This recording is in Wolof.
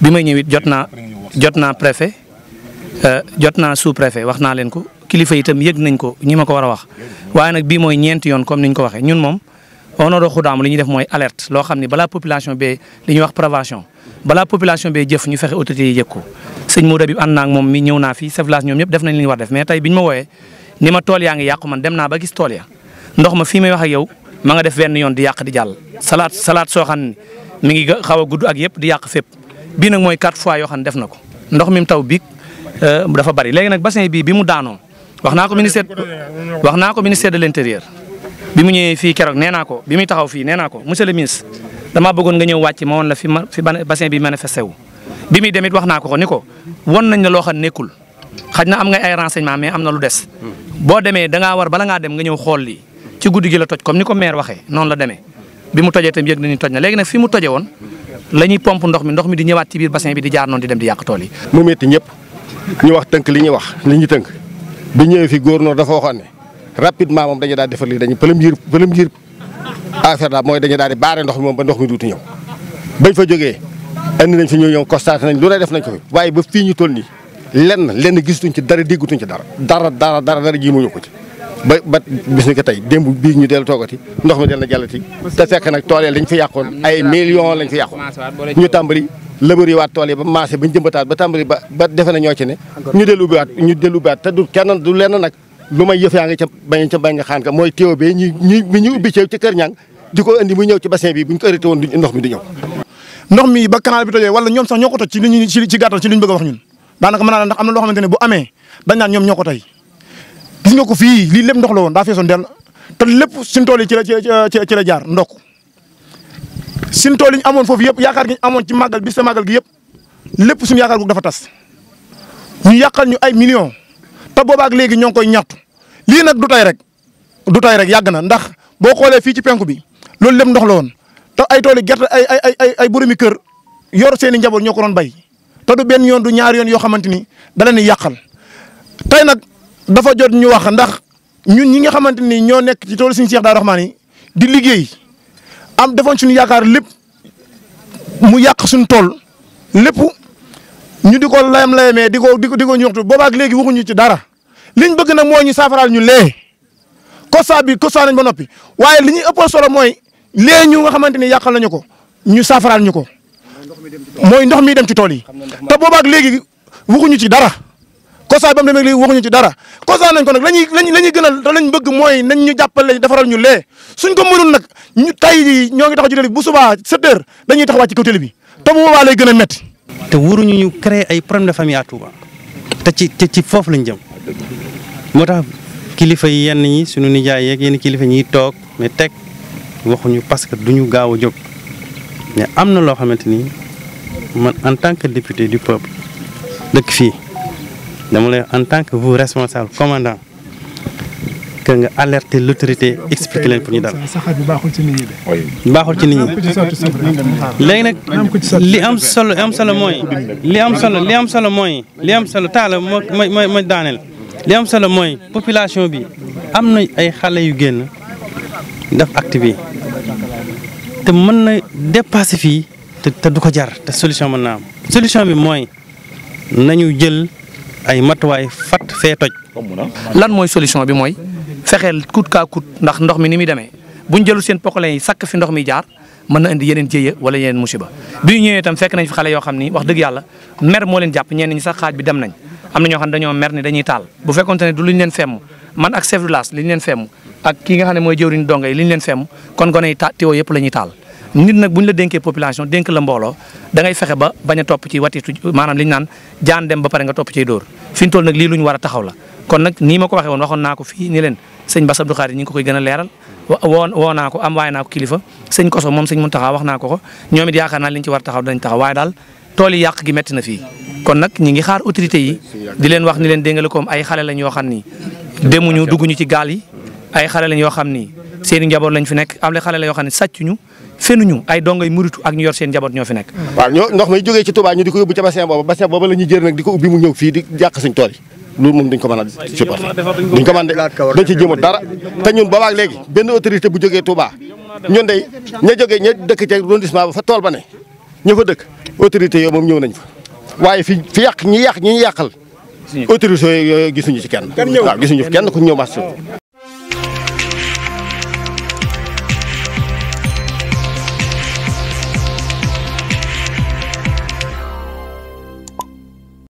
bi may ñëw it jot naa jot naa préfet euh, jot naa sous préfet wax naa leen ko kilifa itam yëg nañ ko ñi ma ko war a wax. waaye nag bii mooy ñeent yoon comme ni ñu ko waxee ñun moom Onoro Xudaam li ñu def mooy alert loo xam ne balaa population bee li ñuy wax prévention balaa population bee jëf ñu fexe autorités yi yëg ko. sëñ Modou Habib ànd naa ak moom mi ñëw naa fii sa village ñoom ñëpp def nañ li ñu war def mais tey biñ ma wooyee ni ma tool yaa ngi yàqu man dem naa ba gis tool ya ndox ma fii may wax ak yow ma nga def benn yoon di yàq di jàll. salaat salaat soo xam ne mi ngi xaw gudd ak yëpp di yàq fépp bii nag mooy quatre fois yoo xam ne def na ko ndox mi mu taw biig euh, dafa bari léegi nag bassin bii bi mu daanoo wax naa ko ministère wax naa ko ministère de l'intérieur bi mu ñëwee fii keroog nee naa ko bi muy taxaw fii nee naa ko monsieur le ministre damaa bëggoon nga ñëw wàcc ma woon la fi ma fi bassin bi manifesté wu. bi muy demit wax naa ko ko ni ko won nañ la loo xam nekkul xaj na am nga ay renseignements mais am na lu des boo demee da ngaa war bala ngaa dem nga ñëw xool li ci guddi gi la toj comme ni ko maire waxee noonu la deme bi mu tojee tam yëg nañu toj na léegi nag fi mu toje woon la ñuy pompe ndox mi ndox mi di ñëwaat ci biir bassin bi di jaar noonu di dem di yàq tool yi. mu métti ñëpp ñu wax tënk li ñuy wax li ñu tënk bi ñëwee fi góor noor dafa waxoon ne rapidement moom dañu daal defar lii dañu premier premier affaire daal mooy dañu daal di baare ndox mi moom ba ndox mi duutu ñëw bañ fa jógee andi nañ fi ñëw ñëw constaté nañ lu ne def nañ ko fi waaye ba fii ñu toll nii lenn lenn gisatuñ ci dara déggutuñ ci dara dara dara dara dara ji muñu ko ci ba ba bis ni ko tey démb bii ñu dellu toogati ndox mi del na jàllati te fekk nag tool yi lañ fi yàqoon ay millions lañ fi yàqoon ñu tàmbali lëbëri waat tool ba maase ba ñu jëmbataat ba tàmbali ba defe na ñoo ne ñu dellu ubbiwaat ñu dellu ubbiwaat te du kenn du lenn nag lu may yëf yaa ngi ca bañ ca nga xaan ka mooy téew bee ñu ubbi ci kër ñang di ko indi mu ñëw ci bassin bi bu ñu ko arrêté woon ndox mi du ñëw ndox mi ba canal bi tojee wala ñoom sax ñoo ci liñ ci a wax ñun daanaka mën naa ndax am na loo xamante gis nga ko fii lii lépp ndox la woon daa feesoon dell te lépp suñ tool yi ci la ci jaar ndokk suñ tool yi amoon foofu yëpp yaakaar gi amoon ci màggal bi sa màggal gi yëpp lépp suñu yaakaar googu dafa tas ñu yàqal ñu ay millions te boobaak léegi ñoo ngi koy ñaxtu lii nag du tay rek du tay rek yàgg na ndax boo xoolee fii ci penku bi loolu lépp ndox la woon te ay tool yi gerte ay ay ay ay boromi kër yor seen i njaboot ñoo ko doon bay te du benn yoon du ñaari yoon yoo xamante ni da leen di yàqal dafa jot ñu wax ndax ñun ñi nga xamante ni ñoo nekk ci tool suñu Cheikh Darou Rahmane yi di liggéey am defoon suñu yaakaar lépp mu yàq suñu tool lépp ñu di ko layam layamee di ko di ko di ko ñuxtu boobaag léegi waxuñu ci dara liñ bëgg nag moo ñu saafaraal ñu lee constat bi constat nañ ba noppi waaye li ñuy ëppoon solo mooy lee ñu nga xamante ni yàqal nañu ko ñu saafaraal ñu ko mooy ndox mi dem ci tool yi te boobaag léegi waxuñu ci dara. Kosa ba mu demee lii ci dara Kosa nañ ko nag la ñuy la ñuy gënal te lañ bëgg mooy nañ ñu jàppale defaral ñu lee suñ ko mënul nag ñu tey ñoo ngi taxaw ci télé bi bu subaa 7 heures dañuy taxawaat ci kaw télé bi te bu boobaa lay gën a métti. te waruñu ñu créer ay problème de famille à Touba te ci ci foofu lañ jëm moo tax kilifa yi yenn ñi suñu nijaay yeeg yenn kilifa ñi toog mais teg waxuñu parce que duñu gaaw a jóg mais am na loo xamante ni man en tant que député du peuple dëkk fii. dama lay en tant que vous responsable commandant que nga alerter l' autorité expliquer leen pour ñu dal. baaxul ci nit ñi. baaxul ci nit ñi léegi nag li am solo am solo mooy li am solo li am solo mooy li am solo taala moo mooy mooy daaneel li am solo mooy population bi am na ay xale yu génn def acte bi te mën na dépasser fii te te du ko jar te solution mën naa am bi mooy nañu jël. ay matuwaay fat fee toj. lan mooy solution bi mooy fexeel kut kaa kut ndax ndox mi ni muy demee buñ jëlu seen pokolin yi sakk fi ndox mi jaar mën na indi yeneen jéeya wala yeneen musiba bi ñu ñëwee itam fekk nañ fi xale yoo xam ni wax dëgg yàlla mer moo leen jàpp ñenn ñi sax xaaj bi dem nañ am na ñoo xam dañoo mer ni dañuy taal bu fekkonte ne du luñ leen femm man ak chef du village liñ leen femm ak ki nga xam ne mooy jëwriñ donga yi liñ leen femm nit nag bu ñu la dénkee population dénk la mbooloo da fexe ba bañ a topp ci watitu maanaam li naan jaan dem ba pare nga topp ciy dóor fi ñu nag lii lu ñu war a taxaw la kon nag nii ma ko waxee woon waxoon naa ko fii ni leen sëñ Bass Abdou Khadre ñi ngi ko a wax naa ko ko ñoom it yaakaar naa li ci war a taxaw danañ taxaw waaye daal tool yi yàq gi métti na fii kon nag ñi ngi xaar autorité yi di leen wax ni leen déngale koom ay xale lañ yoo xam ni demuñu dugguñu ci gaal yi ay xale lañ yoo xam ni seen i njaboot fi nekk am na xale la yoo xam ne sàccuñu fenuñu ay dongay muritu ak ñu yor seen njaboot ñoo fi nekk. waaw ñoo ndox may jógee ci Touba ñu di ko yóbbu ca bassin booba bassin booba la ñuy jër nag di ko ubbi mu ñëw moom duñ ko mën a supporté duñ fa tool ba ne ña fa dëkk autorité yooyu moom ñëw nañ fa waaye fi fi yàq ñi yàq ñi yàqal autorité yooyu gisuñu ci kenn waaw gisuñu fi kenn ku ñëw mas